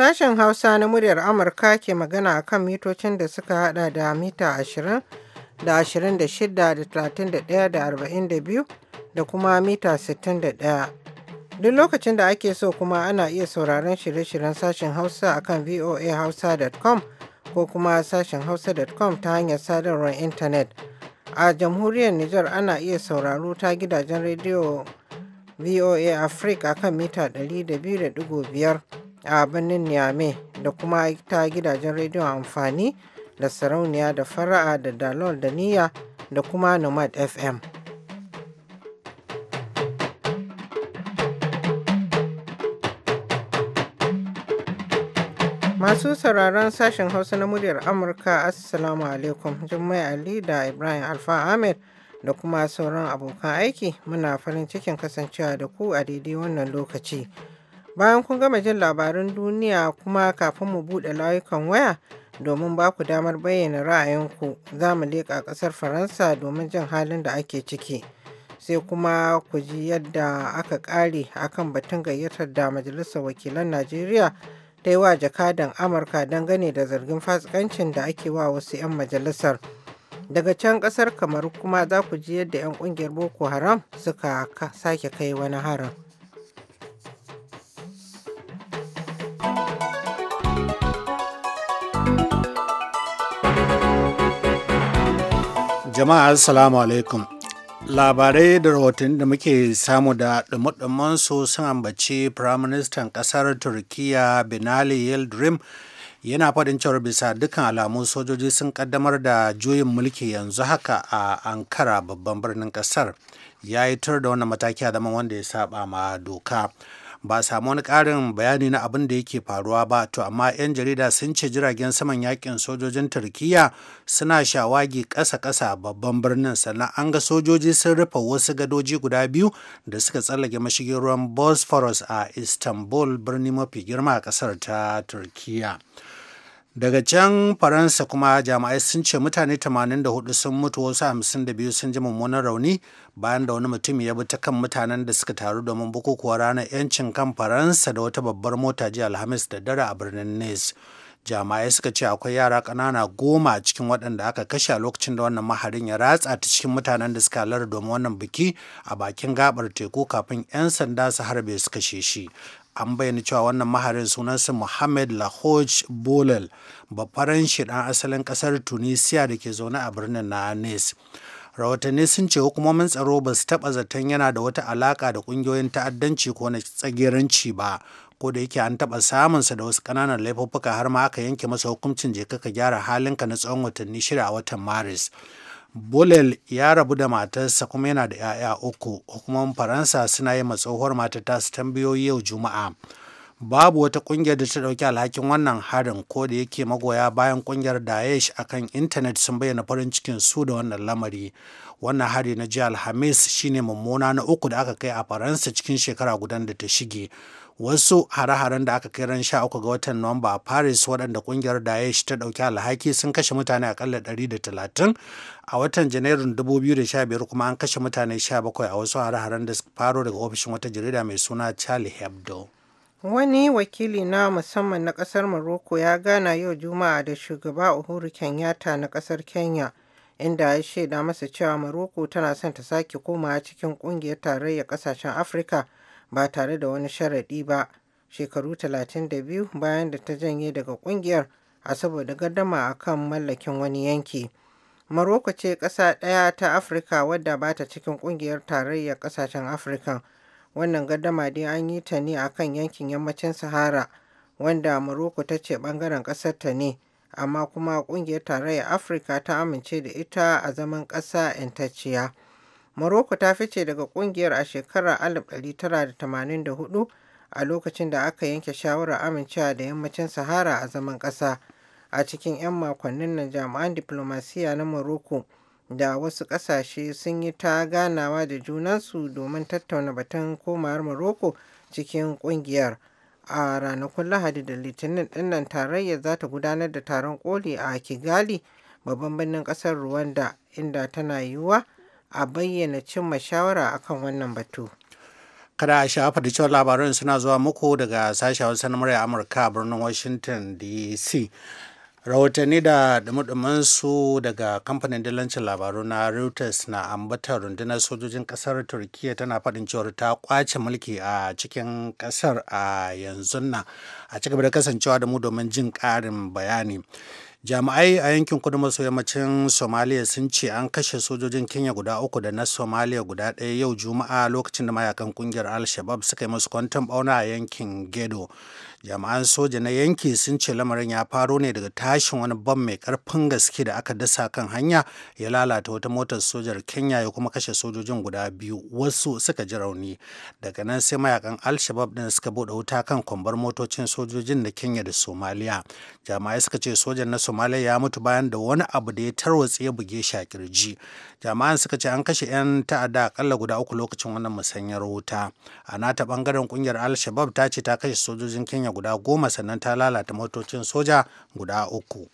Sashen Hausa na muryar Amurka ke magana a kan mitocin da suka hada da mita 20 da 26 da 31 da 42 da kuma mita 61. Duk lokacin da ake so kuma ana iya sauraron shirye-shiryen sashen Hausa a kan voahausa.com ko kuma sashen hausa.com ta hanyar sadarwar intanet. A jamhuriyar Nijar ana iya sauraro ta gidajen rediyo VOA Africa a kan mita 200.5 a birnin Niamey da kuma ta gidajen rediyon amfani da sarauniya da fara'a da dalol da niyya da kuma nomad fm masu sauraron sashen hausa na muryar amurka assalamu alaikum jummai ali da ibrahim alfa ahmed da kuma sauran abokan aiki muna farin cikin kasancewa da ku a daidai wannan lokaci Bayan kun gama jin labarin duniya kuma kafin mu buɗe layukan waya domin ba ku damar bayyana ra'ayinku za mu leƙa ƙasar Faransa domin jin halin da ake ciki. Sai kuma ku ji yadda aka ƙare akan batun gayyatar da Majalisar Wakilan Najeriya ta yi wa jakadan Amurka dangane da zargin fasikancin da ake wa wasu 'yan majalisar. Daga can ƙasar kamar kuma za ku ji yadda 'yan ƙungiyar Boko Haram suka sake kai wani harin. Jama'a Assalamu alaikum. Labarai da rahoton da muke samu da dumudumin su sun ambaci Firaministan ƙasar turkiya Binali Yildirim yana faɗin cewar bisa dukkan alamu sojoji sun ƙaddamar da juyin mulki yanzu haka a Ankara babban birnin ƙasar. Ya yi tur da wannan mataki a zaman wanda ya saba ma doka. ba a samu wani ƙarin bayani na abin da yake faruwa ba to amma 'yan jarida sun ce jiragen saman yakin sojojin turkiya suna shawagi ƙasa-ƙasa babban birnin sannan an ga sojoji sun rufe wasu gadoji guda biyu da suka tsallake mashigin ruwan bosphorus a istanbul birni mafi girma a ƙasar ta turkiya. daga can faransa kuma jama'ai sun ce mutane 84 sun mutu wasu 52 sun ji mummunan rauni bayan da wani mutum ya bi ta kan mutanen da suka taru domin bukukuwa ranar 'yancin kan faransa da wata babbar mota jiya alhamis da dare a birnin nice Jama'ai suka ce akwai yara ƙanana goma cikin waɗanda aka kashe a lokacin da wannan maharin ya ratsa ta cikin mutanen da suka lara domin wannan biki a bakin gabar teku kafin 'yan sanda su harbe su kashe shi an bayyana cewa wannan maharin sunansa Mohamed Lahoj Bolel, bafaran shi dan asalin kasar Tunisia da ke zaune a birnin na Nice. Rahotanni sun ce hukumomin tsaro ba su taɓa zaton yana da wata alaƙa da ƙungiyoyin ta'addanci ko na tsagiranci ba, ko da yake an taɓa samunsa da wasu ƙananan laifuffuka har ma aka yanke masa hukuncin je ka gyara halinka na tsawon watanni shida a watan Maris. bolel ya rabu da matarsa kuma yana da 'ya'ya uku hukumomin faransa suna yi tsohuwar matar su tambayoyi yau juma'a babu wata ƙungiyar da ta ɗauki alhakin wannan harin ko da yake magoya bayan ƙungiyar daesh akan intanet sun bayyana farin cikin su da wannan lamari wannan hari na jihar hamis shine mummuna na uku da aka kai a faransa cikin shekara gudan da ta shige wasu hare-haren da aka kai ran 13 ga watan nuwamba a paris waɗanda ƙungiyar daesh ta ɗauki alhaki sun kashe mutane akalla 130 a watan janairun 2015 kuma an kashe mutane 17 a wasu hare-haren da suka faro daga ofishin wata jarida mai suna charlie hebdo wani wakili na musamman na ƙasar morocco ya gana yau juma'a da shugaba uhuru kenyatta na ƙasar kenya inda ya shaida masa cewa morocco tana son ta sake komawa cikin ƙungiyar tarayyar ƙasashen afirka ba tare da wani sharaɗi ba shekaru 32 bayan da ta janye daga ƙungiyar a saboda gardama a kan mallakin wani yanki. Maroko ce ƙasa ɗaya ta Afirka wadda ba ta cikin ƙungiyar tarayyar ƙasashen Afirka. Wannan gardama dai an yi ta ne a kan yankin yammacin Sahara wanda Maroko ta ce ɓangaren ƙasar ta ne, amma kuma ƙungiyar tarayyar Afirka ta amince da ita a zaman ƙasa 'yantacciya. Morocco ta fice daga kungiyar a shekarar 1984 a lokacin da aka yanke shawarar amincewa da yammacin Sahara a zaman ƙasa. A cikin 'yan makonnin nan jami'an diplomasiya na Morocco da wasu ƙasashe sun yi ta ganawa da junansu domin tattauna batun komawar Morocco cikin kungiyar. A ranakun Lahadi da Litinin ɗinnan tarayyar za ta gudanar da taron koli a Kigali, babban birnin ƙasar Rwanda, inda tana yiwuwa a bayyana cimma shawara akan wannan batu. Kada a shafa da cewar labarin suna zuwa muku daga sashen wasu na murya Amurka a birnin Washington DC. rahotanni da dumudumin su daga kamfanin dillancin labaru na reuters na ambatar rundunar sojojin kasar turkiyya tana faɗin cewar ta kwace mulki a cikin kasar a yanzu nan a cigaba da kasancewa da mu domin jin ƙarin bayani jami'ai a yankin kudu maso yammacin somaliya sun ce an kashe sojojin kenya guda uku da na somaliya guda ɗaya yau juma'a lokacin da mayakan kungiyar al-shabab suka yi musu kwantan bauna a yankin gedo jami'an soja na yanki sun ce lamarin ya faro ne daga tashin wani bam mai karfin gaske da aka dasa kan hanya ya lalata wata motar sojar kenya ya kuma kashe sojojin guda biyu wasu suka ji rauni daga nan sai mayakan alshabab shabab din suka bude wuta kan kwambar motocin sojojin da kenya da somaliya jami'ai suka ce sojan na somaliya ya mutu bayan da wani abu da ya tarwatse ya buge shi a kirji jama'an suka ce an kashe 'yan ta'adda akalla guda uku lokacin wannan musanyar wuta a nata bangaren kungiyar al ta ce ta kashe sojojin kenya Birtaniya guda goma sannan ta lalata motocin soja guda uku.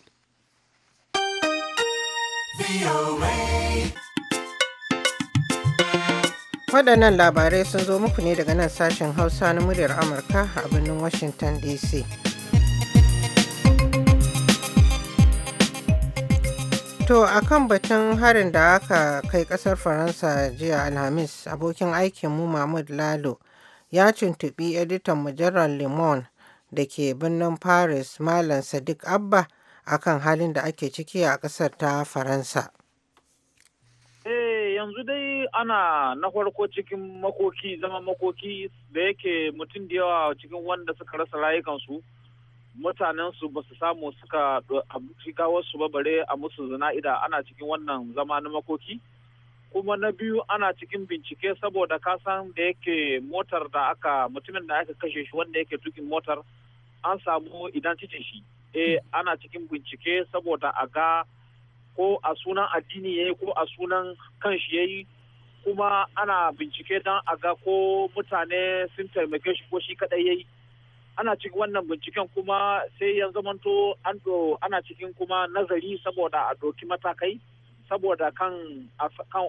Waɗannan labarai sun zo muku ne daga nan sashen Hausa na muryar Amurka a birnin Washington DC. To a kan batun harin da aka kai ƙasar Faransa jiya Alhamis, abokin aikin mu Mahmud Lalo ya tuntuɓi editan mujallar Limon. da ke birnin Paris Malam Sadiq Abba akan halin da ake ciki a ƙasar ta Faransa. Eh yanzu dai ana na farko cikin makoki zama makoki da yake mutum da yawa cikin wanda suka rasa rayukansu mutanensu ba su samu suka shiga wasu ba bare a musu zana'ida ana cikin wannan zama na makoki. kuma na biyu ana cikin bincike saboda kasan da yake motar da aka mutumin da aka kashe shi wanda yake tukin motar an samu idan cikin shi e ana cikin bincike saboda a ga ko a sunan addini yayi ko a sunan kanshi yayi kuma ana bincike don a ga ko mutane sun taimake shi ko shi kadai yayi ana cikin wannan binciken kuma sai ya zamanto ana cikin kuma nazari saboda a doki matakai saboda kan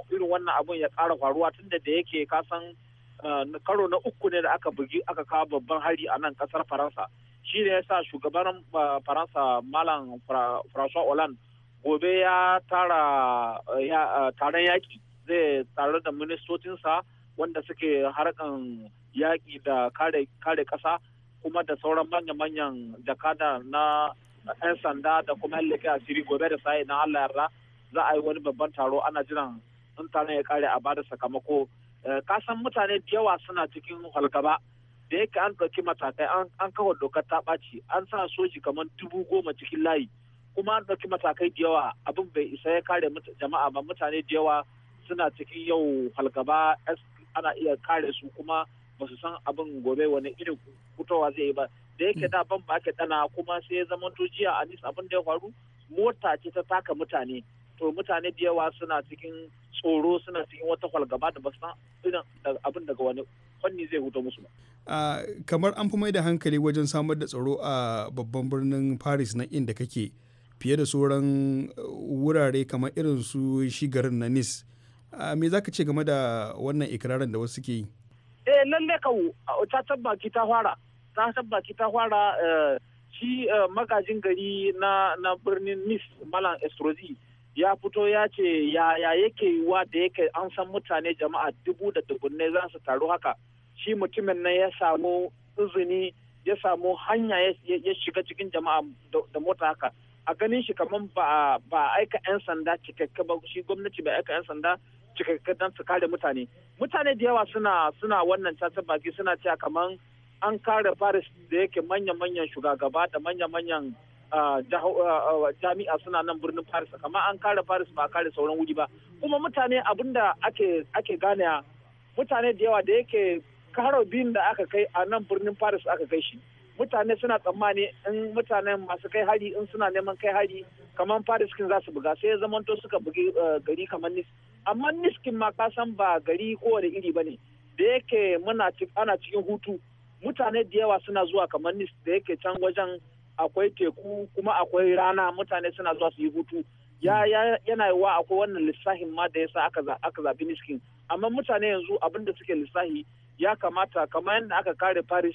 irin wannan abun ya kara faruwa tunda da yake kasan eh, karo na uku ne da aka bugi aka kawo babban hari a nan kasar faransa shi ne ya sa shugaban eh, faransa malam françois hollande gobe ya tara eh, taron yaƙi zai tare da ministocinsa wanda suke harkan yaƙi da kare ƙasa kuma da sauran manya-manyan jakada na 'yan sanda da kuma yan asiri gobe da sa'i na allah yarda za a yi wani babban taro ana jiran in taron ya kare a bada sakamako eh, kasan mutane da yawa suna cikin halgaba da yake an ɗauki matakai an kawo dokar ta ɓaci an sa soji kamar dubu goma cikin layi kuma an ɗauki matakai da yawa abin bai isa ya kare jama'a ba mutane da yawa suna cikin yau halgaba ana iya kare su kuma ba su san abin gobe wani irin fitowa zai yi ba da yake da ban ba ake dana kuma sai ya zama jiya a nisa abin da ya faru mota ce ta taka mutane to mutane da yawa suna cikin tsoro suna cikin wata kwalgaba da ba san abin daga wani fanni zai huta musu ba. kamar an fi mai da hankali wajen samar da tsaro a babban birnin paris na inda kake fiye da sauran uh, wurare kamar irin su shigarin na nis me za ka ce game da wannan ikirarin da wasu ke yi eh lalle kawo ta tabbaki ta fara ta tabbaki ta fara uh, shi uh, magajin gari na birnin nis malam estrosi ya fito ya ce yaya yake wa da yake an san mutane jama'a dubu da dubunne za su taru haka shi mutumin nan ya samu izini ya samu hanya ya shiga cikin jama'a da mota haka a ganin shi kamar ba a aika 'yan sanda cikakke ba shi gwamnati ba aika 'yan sanda cikakke don su kare mutane mutane da yawa suna suna wannan cacar baki suna cewa kamar an kare faris da yake manya-manyan shugaba da manya-manyan jami'a suna nan birnin paris kamar an kare paris ba kare sauran wuri ba kuma mutane abinda da ake gane mutane da yawa da yake karo biyun da aka kai a nan birnin paris aka kai shi mutane suna tsammani in mutanen masu kai hari in suna neman kai hari kamar paris kin za su buga sai zamanto suka bugi eh, gari kamar nis amma nis kin ma ka san ba gari kowane iri bane ne da yake muna ana cikin hutu mutane da yawa suna zuwa kamar nis da yake can wajen akwai teku kuma akwai rana mutane suna zuwa su yi hutu ya yana wa akwai wannan lissahin ma da yasa aka zabi niskin amma mutane yanzu abin da suke lissahi ya kamata kamar yadda aka kare paris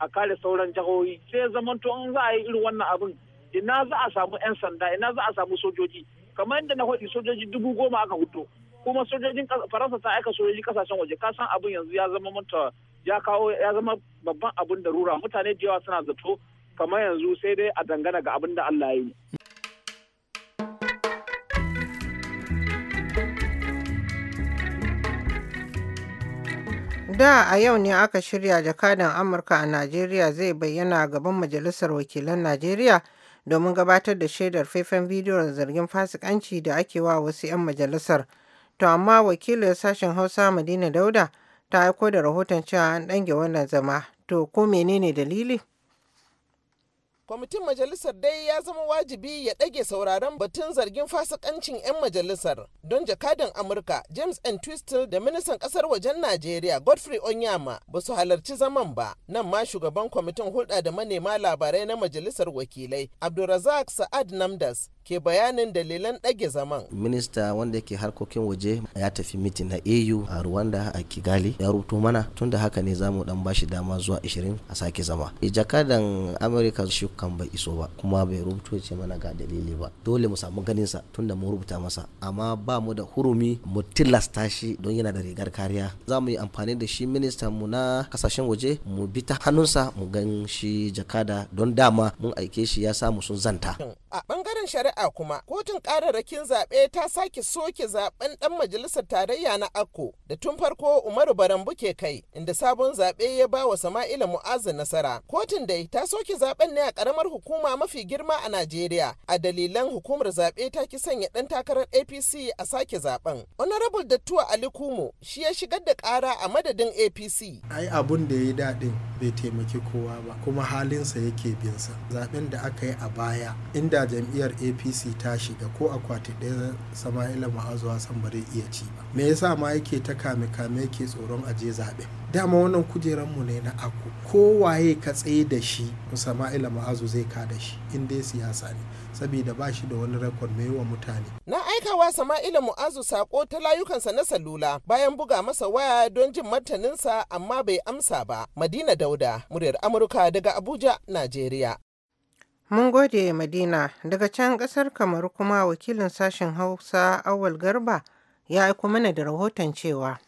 a kare sauran jihohi sai ya zamanto in za a yi irin wannan abin ina za a samu 'yan sanda ina za a samu sojoji kamar yadda na faɗi sojoji dubu goma aka hutu kuma sojojin faransa ta aika sojoji kasashen waje ka san abin yanzu ya zama manta ya kawo ya zama babban abin da rura mutane da yawa suna zato kamar yanzu sai dai a dangana ga abin da Allah ya yi. Da a yau ne aka shirya jakadan Amurka a Najeriya zai bayyana gaban Majalisar Wakilan Najeriya domin gabatar da shaidar faifan bidiyon zargin fasikanci da ake wa wasu 'yan majalisar. To amma wakilin sashen Hausa Madina Dauda ta aiko da rahoton cewa an ɗange wannan zama. To ko menene dalili? kwamitin majalisar dai ya zama wajibi ya ɗage sauraron batun zargin fasikancin 'yan majalisar don jakadan amurka james n twistle da ministan ƙasar wajen najeriya godfrey onyama ba su halarci zaman ba nan ma shugaban kwamitin hulɗa da manema labarai na majalisar wakilai abdulrazak sa'ad namdas ke bayanin dalilan ɗage zaman. Minista wanda yake harkokin waje ya tafi mitin na AU a Rwanda a Kigali ya rubuto mana tun da haka ne za mu dan bashi dama zuwa 20 a sake zama. Eh, jakadan Amerika shi kan bai iso ba kuma bai rubuto ce mana ga dalili ba. Dole mu samu ganin sa tun da mu rubuta masa amma ba mu da hurumi mu tilasta shi don yana da rigar kariya. Za mu yi amfani da shi minista mu na kasashen waje mu bi ta hannunsa mu gan shi jakada don dama mun aike shi ya samu sun zanta. A ɓangaren shari'a shari'a kuma kotun kararrakin zaɓe ta sake soke zaɓen ɗan majalisar tarayya na akko da tun farko umaru barambu ke kai inda sabon zaɓe ya ba wa sama'ila mu'azu nasara kotun dai ta soke zaɓen ne a karamar hukuma mafi girma a najeriya a dalilan hukumar zaɓe ta ki sanya ɗan takarar apc a sake zaɓen honorable dattuwa ali kumo shi ya shigar da kara a madadin apc ai abun da ya yi daɗin bai taimaki kowa ba kuma halinsa yake binsa zaɓen da aka yi a baya inda jam'iyyar apc APC ta shiga ko akwati ɗaya Sama'ila Ma'azu Hassan ba zai iya ci ba. Me yasa ma yake ta kame kame yake tsoron aje zaɓe? Dama wannan kujeran mu ne na aku. Kowaye ka tsaye da shi Sama'ila Ma'azu zai ka da shi in dai siyasa ne. saboda ba shi da wani rekod mai wa mutane. Na aikawa Sama'ila Mu'azu sako ta layukansa na salula bayan buga masa waya don jin martaninsa amma bai amsa ba. Madina Dauda, muryar Amurka daga Abuja, Najeriya. Mun gode Madina daga can ƙasar Kamaru kuma wakilin sashen Hausa Awal Garba ya aiko mana da rahoton cewa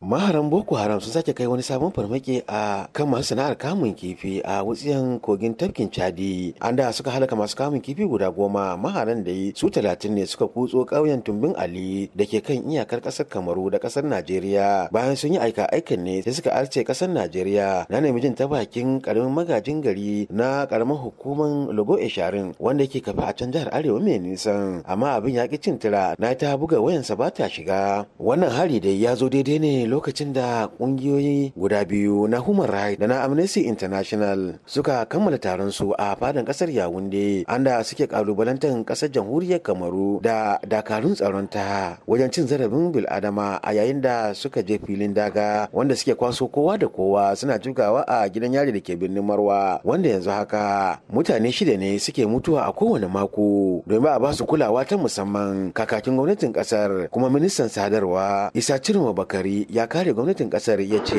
maharan boko haram sun sake kai wani sabon farmaki a kan masu sana'ar kamun kifi a wutsiyan kogin tafkin chadi an da suka halaka masu kamun kifi guda goma maharan da yi su talatin ne suka kutso ƙauyen tumbin ali da ke kan iyakar ƙasar kamaru da ƙasar najeriya bayan sun yi aika aikin ne sai suka arce ƙasar najeriya na nemi jin ta bakin ƙaramin magajin gari na ƙaramin hukumar logo esharin wanda ke kafa a can jihar arewa mai nisan amma abin ya ƙi cin tura na ta buga wayansa ba ta shiga wannan hali dai ya zo daidai ne lokacin da kungiyoyi guda biyu na Human Rights da na Amnesty International suka kammala taron su a fadan kasar Yawunde anda suke kalubalantar kasar jamhuriyar Kamaru da dakarun tsaron ta wajen cin zarafin bil'adama a yayin da suka je filin daga wanda suke kwaso kowa da kowa suna jugawa a gidan yari da ke birnin Marwa wanda yanzu haka mutane shida ne suke mutuwa a kowane mako domin a ba su kulawa ta musamman kakakin gwamnatin kasar kuma ministan sadarwa Isa Cirma Bakari ya kare gwamnatin kasar ya ce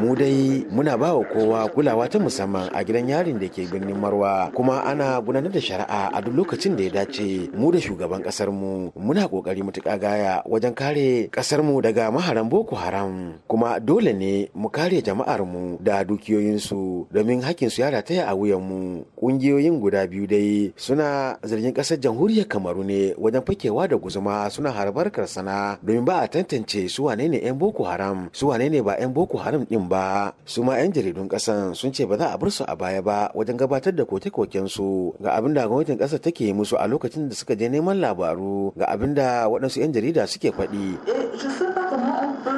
mu dai muna ba wa kowa kulawa ta musamman a gidan yarin da ke birnin marwa kuma ana gudanar da shari'a a duk lokacin da ya dace mu da shugaban kasar mu muna kokari matuka gaya wajen kare kasar mu daga maharan boko haram kuma dole ne mu kare jama'ar mu da dukiyoyinsu domin hakkin su ya rataya a wuyan mu ƙungiyoyin guda biyu dai suna zargin kasar jamhuriyar kamaru ne wajen fakewa da guzuma suna harbarkar karsana domin ba a tantance su wane ne 'yan boko haram su wane ne ba 'yan boko haram din ba su ma 'yan jaridun kasan sun ce ba za a bar su a baya ba wajen gabatar da koke-koken su ga abin da gwamnatin kasa take musu a lokacin da suka je neman labaru ga abin da waɗansu 'yan jarida suke faɗi. Eh,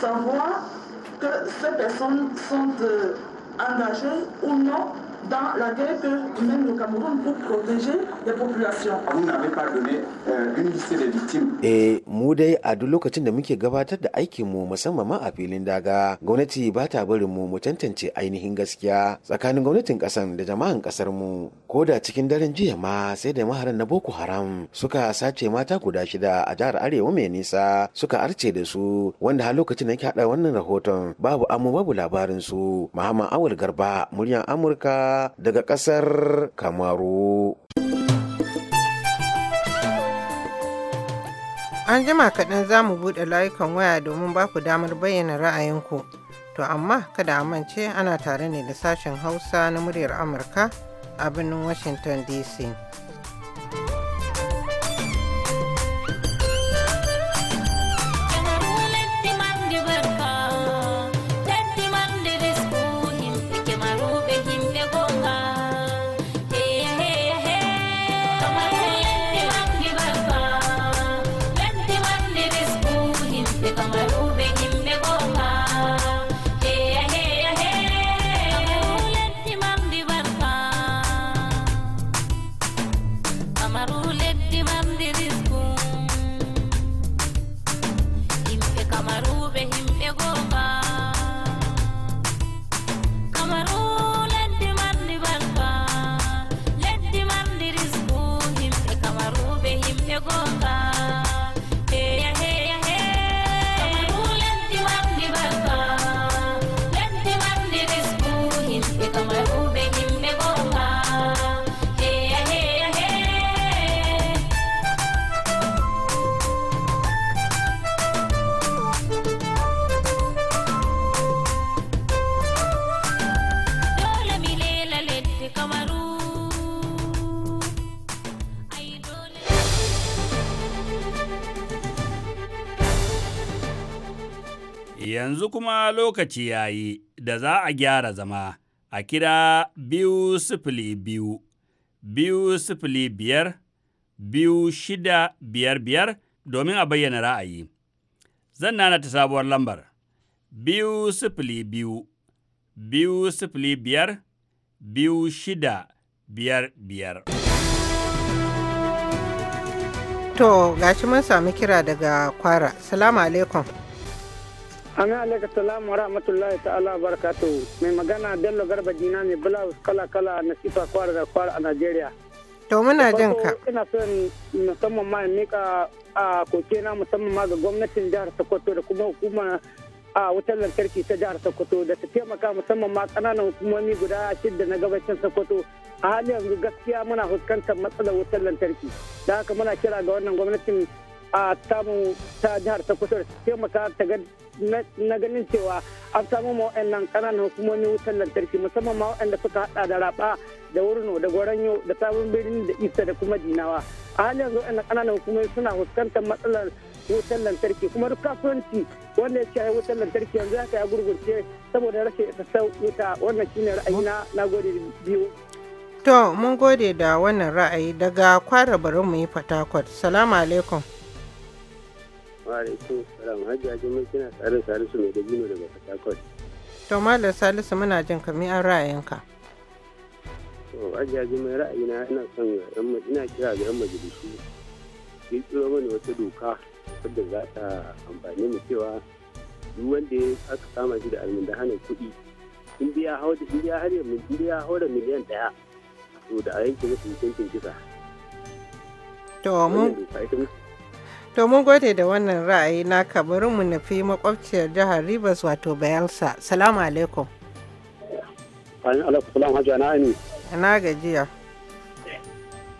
savoir que ces personnes sont euh, engagées ou non dans la guerre que mène le Cameroun pour protéger les populations. Vous n'avez pas donné euh, une liste des victimes. Et eh, mu dai a duk lokacin da muke gabatar da aikin mu musamman ma a filin daga gwamnati ba ta barin mu mu tantance ainihin gaskiya tsakanin gwamnatin kasan da jama'an kasar mu ko da cikin daren jiya ma sai da maharan na Boko Haram suka sace mata guda shida a jihar Arewa mai nisa suka arce da su wanda har lokacin da yake hada wannan rahoton babu amma babu labarin su Muhammad Awul Garba muryan Amurka daga ƙasar Kamaru. An jima kaɗan za mu buɗe layukan waya domin ba ku damar bayyana ra'ayinku. To amma kada a mance ana tare ne da sashen Hausa na muryar Amurka a birnin Washington DC. yanzu kuma lokaci ya yi da za a gyara zama a kira biyu sifili biyu, biyu sifili biyar, biyu shida biyar biyar domin a bayyana ra'ayi. Zan nana ta sabuwar lambar, biyu sifili biyu, biyu sifili biyar, biyu shida biyar biyar. To, gashi mun sami kira daga kwara. Salamu alaikum. An alaika salamu wa rahmatullahi ta'ala barakatu mai magana Bello Garba Dina ne blouse kala-kala na sifa kwara da kwara a Najeriya. To muna jin ka. Ina son musamman ma mika a koke na musamman ma ga gwamnatin jihar Sokoto da kuma hukuma a wutar lantarki ta jihar Sokoto da ta taimaka musamman ma kananan hukumomi guda shidda na gabashin Sokoto a halin yanzu gaskiya muna fuskantar matsalar wutar lantarki da haka muna kira ga wannan gwamnatin a tamu ta jihar Sokoto da ta taimaka ta na ganin cewa an samu ma waɗannan kananan hukumomin wutar lantarki musamman ma waɗanda suka hada da raba da wurno da goranyo da sabon birni da isa da kuma dinawa a halin yanzu waɗannan kananan hukumomi suna fuskantar matsalar wutar lantarki kuma duk kasuwanci wanda ya shaye wutar lantarki yanzu haka ya gurgurce saboda rashin isassau wuta wannan shine ra'ayina na gode biyu to mun gode da wannan ra'ayi daga kwara bari mu yi fatakwat salamu alaikum Wa alaikum salisu To Malam Salisu muna jin kami an ra'ayinka. To hajjaji mai ra'ayina ina son ina kira ga 'yan majalisu. Sai tsoro mana wata doka wadda za ta amfani mu cewa duk wanda aka kama shi da almin da hana kuɗi in biya haura in biya har yanzu in biya haura miliyan ɗaya to da a yanke masa hukuncin kisa. To mu. To mun gode da wannan ra'ayi naka bari mu nufi makwabciyar jihar Rivers wato Bayelsa. Salamu alaikum. Bayan alaikum salam hajji ana ne. Ana gajiya.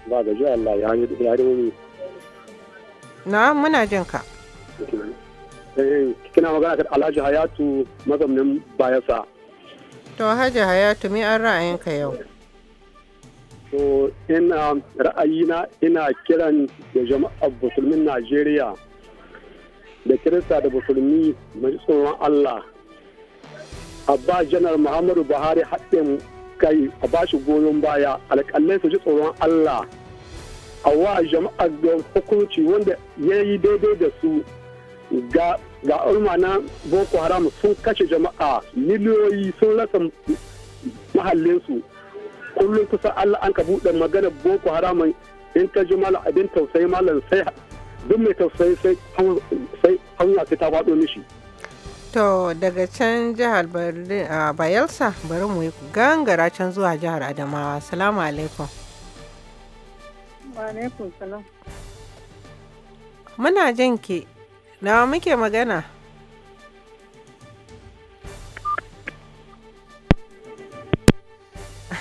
Ba gajiya Allah ya yi ya Na muna jin ka. Eh, kina magana kan Alhaji Hayatu mazaunin Bayelsa. To Hajji Hayatu me an ra'ayinka yau? to ina ra'ayina ina kiran da jama'a musulmin najeriya da kirista da musulmi mai tsoron allah abba janar muhammadu buhari haɗin kai a bashi goyon baya alƙalai su ji tsoron allah a wa jama'a da hukunci wanda ya yi daidai da su ga almana na boko haram sun kashe jama'a miliyoyi sun rasa mahallinsu kullum kusan Allah an ka buɗe magana boko haramun in ka ji malam abin tausayi malam sai duk mai tausayi sai hanya sai ta faɗo mishi. To daga can jihar Bayelsa bari mu gangara can zuwa jihar Adamawa. Salamu alaikum. Muna jin ki, nawa muke magana?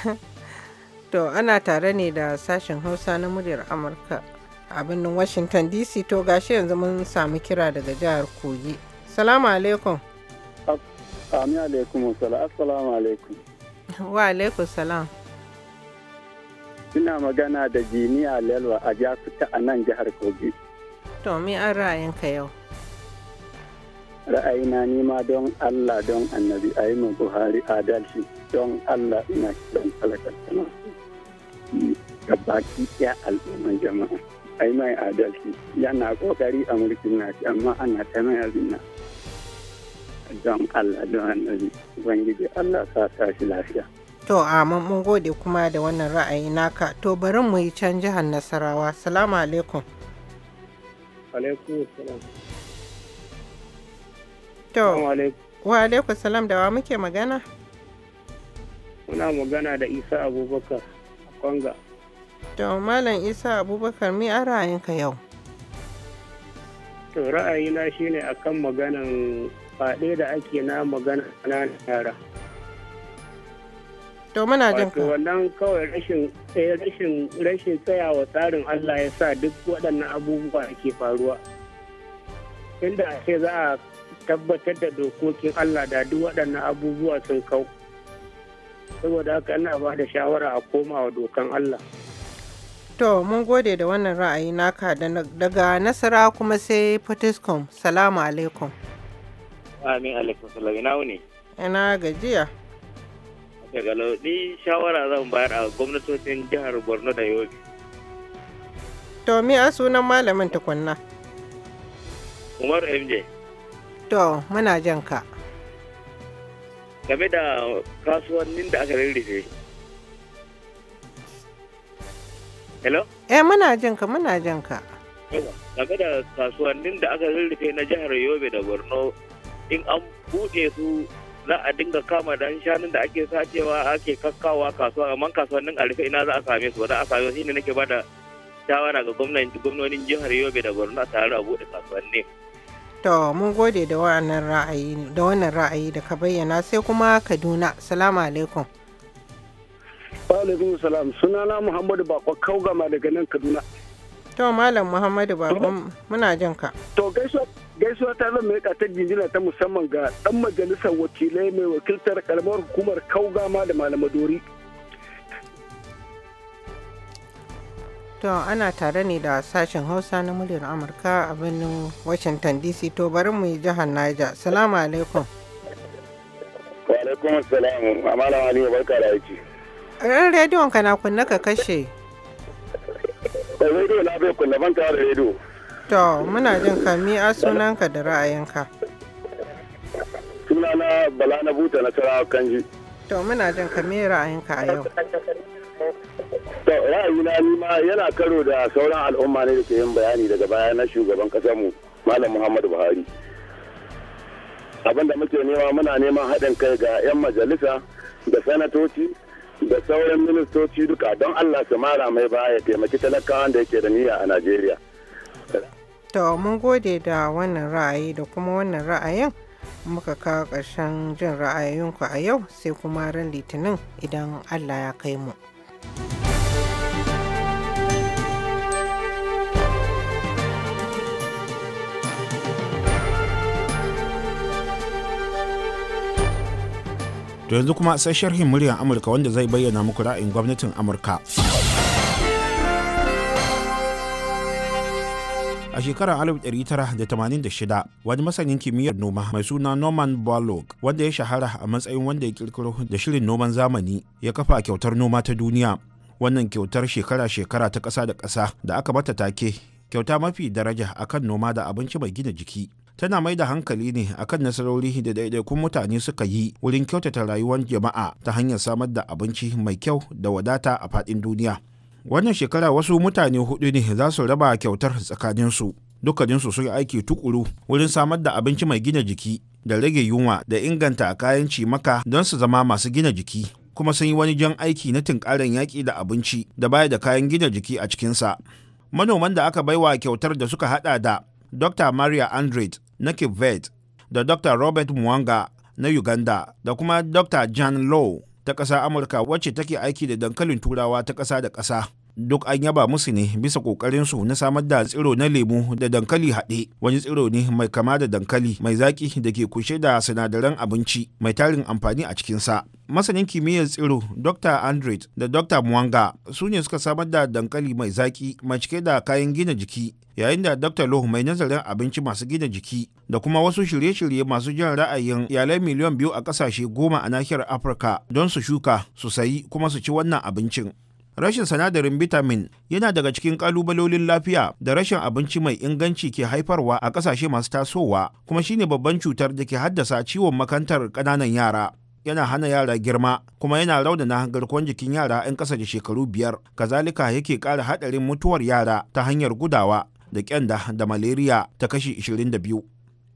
To ana tare ne da sashen Hausa na muryar Amurka a birnin Washington DC to gashi yanzu mun samu kira daga jihar Kogi. Salamu alaikum. Amin alaikum assalamu alaikum. Wa alaikum salam. Ina magana da jiniya Lelwa a Jakuta a nan jihar Kogi. To mi an ka yau? Ra'ayina ni ma don Allah don annabi a yi Buhari adalci don Allah ina don talakar gabaki ɗaya al'umman jama'a ai mai adalci yana kokari a mulkin nashi amma ana ta mai azina don Allah don annabi ubangiji Allah sa sa shi lafiya to a mun gode kuma da wannan ra'ayi naka to bari mu yi can jihar Nasarawa salamu alaikum salam wa alaikum salam da wa muke magana muna magana da Isa Abubakar a Kwanga To Malam Isa Abubakar mi a ra'ayinka yau? To ra'ayina shine akan maganan faɗe da ake na magana na yara. To muna jin ka. wannan kawai rashin eh, rashin rashin tsayawa tsarin Allah ya sa duk waɗannan abubuwa ke faruwa. Inda ake za a tabbatar da dokokin Allah da duk waɗannan abubuwa sun kau. Saboda haka ina ba da shawara a komawa dokan Allah. To mun gode da wannan ra'ayi naka daga nasara kuma sai Potiskum. Salamu alaikum. Amin alaikum salam ina wuni. Ina gajiya. Daga lauɗi shawara zan bayar a gwamnatocin jihar Borno da Yobe. To mi a sunan malamin tukunna? Umar MJ. To muna jan ka. Game da kasuwannin da aka rirrife. hello eh muna jin ka muna jin ka game da kasuwannin da aka rurrufe na jihar yobe da borno in an buɗe su za a dinga kama dan shanun da ake sacewa ake kakkawa kasuwa amma kasuwannin a rufe ina za a same su ba za a same su shine nake da shawara ga gwamnonin jihar yobe da borno a tare a buɗe kasuwanni to mun gode da wannan ra'ayi da wannan ra'ayi da ka bayyana sai kuma kaduna salamu alaikum alaikum salam na muhammadu bako kaugama daga nan kaduna to malam muhammadu bako muna jin ka to gaisuwa ta zama mai katar jinjina ta musamman ga dan majalisar wakilai mai wakiltar kalmar hukumar kaugama da malamadori to ana tare ne da sashen hausa na muryar amurka a birnin washington dc to bari mu yi jihar naija salamu alaikum wa alaikum salam malam aliyu barka da aiki Ran rediyon ka na kunna ka kashe. Eh, rediyo na bai kunna ban kawo da rediyo. To, muna jin ka sunan sunanka da ra'ayinka. Suna na Bala na buta na Sarawa Kanji. To, muna jin ka me ra'ayinka a yau. To, ra'ayina ni ma yana karo da sauran al'umma ne da ke yin bayani daga baya na shugaban mu Malam Muhammadu Buhari. Abin da muke nema muna neman haɗin kai ga 'yan majalisa da sanatoci da sauran ministoci duka don Allah su mara mai baya ya taimaki talakawan da yake da niyya a Najeriya. To mun gode da wannan ra'ayi da kuma wannan ra'ayin muka kawo ƙarshen jin ra'ayoyinku a yau sai kuma ran litinin idan Allah ya kai mu. To yanzu kuma sai sharhin muryar Amurka wanda zai bayyana muku ra'ayin gwamnatin Amurka. a shekarar 1986 wani masanin kimiyyar noma mai suna norman borlaug wanda ya shahara a matsayin wanda ya kirkiro da shirin noman zamani ya kafa kyautar noma ta duniya wannan kyautar shekara-shekara ta ƙasa da ƙasa da aka mata take kyauta mafi daraja akan noma da abinci mai gina jiki tana mai da hankali ne akan nasarori da kun mutane suka yi wurin kyautata rayuwar jama'a ta hanyar samar da abinci mai kyau da wadata a faɗin duniya wannan shekara wasu mutane hudu ne za su raba kyautar tsakaninsu dukkaninsu sun yi aiki tukuru wurin samar da abinci mai gina jiki da rage yunwa da inganta kayan cimaka don su zama masu gina jiki kuma sun yi wani jan aiki na tunkarin yaƙi da abinci da baya da kayan gina jiki a cikinsa. Manoman da aka baiwa kyautar da suka hada da Dr. Maria Andret na cape da dr robert mwanga na uganda da kuma dr john Lowe ta ƙasa amurka wacce take aiki da dankalin turawa ta ƙasa da ƙasa duk an yaba musu ne bisa kokarinsu na samar da tsiro na lemu da dankali haɗe wani tsiro ne mai kama da dankali mai zaƙi da ke kushe da sinadaran abinci mai tarin amfani a cikinsa masanin kimiyyar tsiro dr andret da dr mwanga su ne suka samar da dankali mai zaƙi mai cike da kayan gina jiki yayin da dr loh mai nazarin abinci masu gina jiki da kuma wasu shirye-shirye masu jan ra'ayin iyalai miliyan biyu a ƙasashe goma a nahiyar afirka don su shuka su sayi kuma su ci wannan abincin rashin sanadarin bitamin yana daga cikin kalubalolin lafiya da rashin abinci mai inganci ke haifarwa a ƙasashe masu tasowa kuma shine babban cutar da ke haddasa ciwon makantar ƙananan yara yana hana yara girma kuma yana raunana garkuwar jikin yara 'yan ƙasa da shekaru biyar kazalika yake ƙara haɗarin mutuwar yara ta hanyar gudawa da kyanda da maleriya ta kashi 22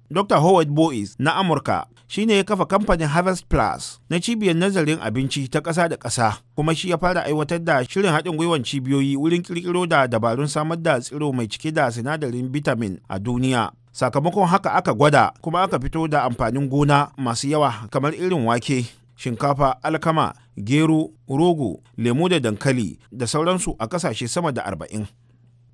Dr. Howard Boyce na Amurka shi ne ya kafa kamfanin Harvest Plus na cibiyar nazarin abinci ta ƙasa da ƙasa kuma shi ya fara aiwatar da shirin haɗin gwiwan cibiyoyi wurin ƙirƙiro da dabarun samar da tsiro mai cike da sinadarin vitamin a duniya. Sakamakon haka aka gwada kuma aka fito da amfanin gona masu yawa kamar irin wake, shinkafa, alkama, gero, rogo, lemu da dankali da sauransu a ƙasashe sama da arba'in.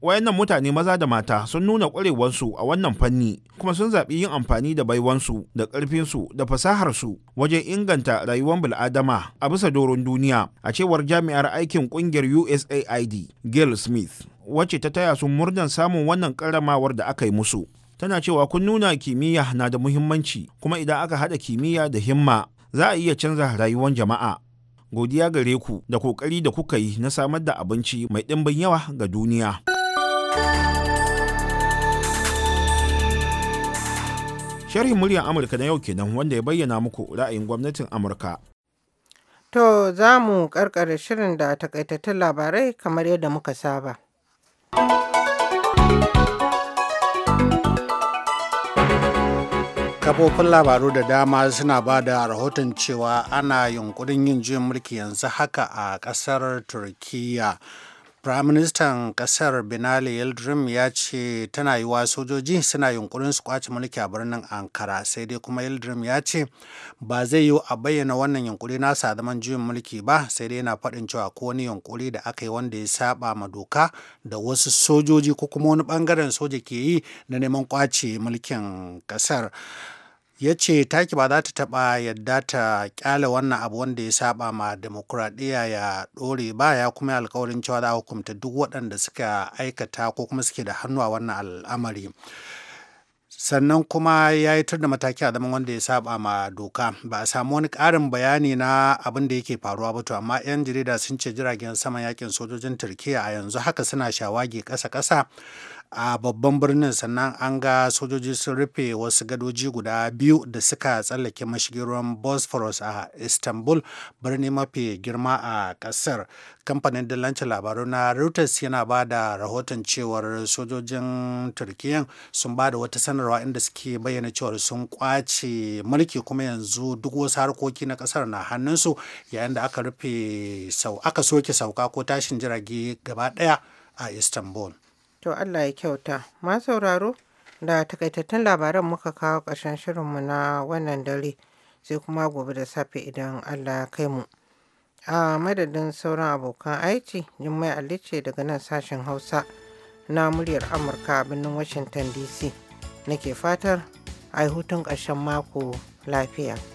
wayannan mutane maza da mata sun nuna ƙwarewarsu a wannan fanni kuma sun zaɓi yin amfani da baiwansu da ƙarfinsu da fasaharsu wajen inganta rayuwar bil'adama a bisa doron duniya a cewar jami'ar aikin ƙungiyar usaid Gil smith wacce ta taya su murnar samun wannan ƙaramawar da aka yi musu tana cewa kun nuna kimiyya na da muhimmanci kuma idan aka haɗa kimiyya da himma za a iya canza rayuwar jama'a godiya gare ku da ƙoƙari da kuka yi na samar da abinci mai ɗimbin yawa ga duniya. Sharhin muryar Amurka na yau kenan wanda ya bayyana muku ra'ayin gwamnatin Amurka. To za mu karkare shirin da takaitattun labarai kamar yadda muka saba. kafofin labaru da dama suna ba da rahoton cewa ana yunkurin yin juyin mulki yanzu haka a kasar turkiyya Firaministan ƙasar Binali Yildirim ya ce tana yiwa sojoji suna yunkurin su kwace mulki a birnin Ankara sai dai kuma Yildirim ya ce ba zai yiwu a bayyana wannan yunkuri nasa zaman juyin mulki ba sai dai yana faɗin cewa ko wani yunkuri da aka yi wanda ya saba ma doka da wasu sojoji ko kuma wani ɓangaren soja ke yi na neman kwace mulkin ƙasar. ya ce taki ba za ta taɓa yadda ta ƙyale wannan abu wanda ya saba ma demokuraɗiyya ya ɗore ba ya kuma alkawarin cewa za a hukumta duk waɗanda suka aikata ko kuma suke da hannu a wannan al'amari sannan kuma ya yi tur da mataki a zaman wanda ya saba ma doka ba a samu wani ƙarin bayani na abin da yake faruwa ba to amma 'yan jarida sun ce jiragen saman yakin sojojin turkiya a yanzu haka suna shawagi ƙasa-ƙasa a babban birnin sannan an ga sojoji sun rufe wasu gadoji guda biyu da suka tsallake mashigin ruwan bosphorus a istanbul birni mafi girma a kasar kamfanin dillancin labaru na reuters yana ba da rahoton cewar sojojin turkiyan sun ba da wata sanarwa inda suke bayyana cewar sun kwace mulki kuma yanzu duk wasu harkoki na kasar na hannunsu yayin da aka rufe aka soke sauka ko tashin jirage gaba daya a istanbul To Allah ya kyauta. Ma sauraro da takaitattun labaran muka kawo ƙarshen shirinmu na wannan dare sai kuma gobe da safe idan Allah ya kai mu. A madadin sauran abokan aiki, Jummai mai ce daga nan sashen Hausa na muryar Amurka a birnin Washington DC. Nake fatar ai hutun ƙarshen mako lafiya.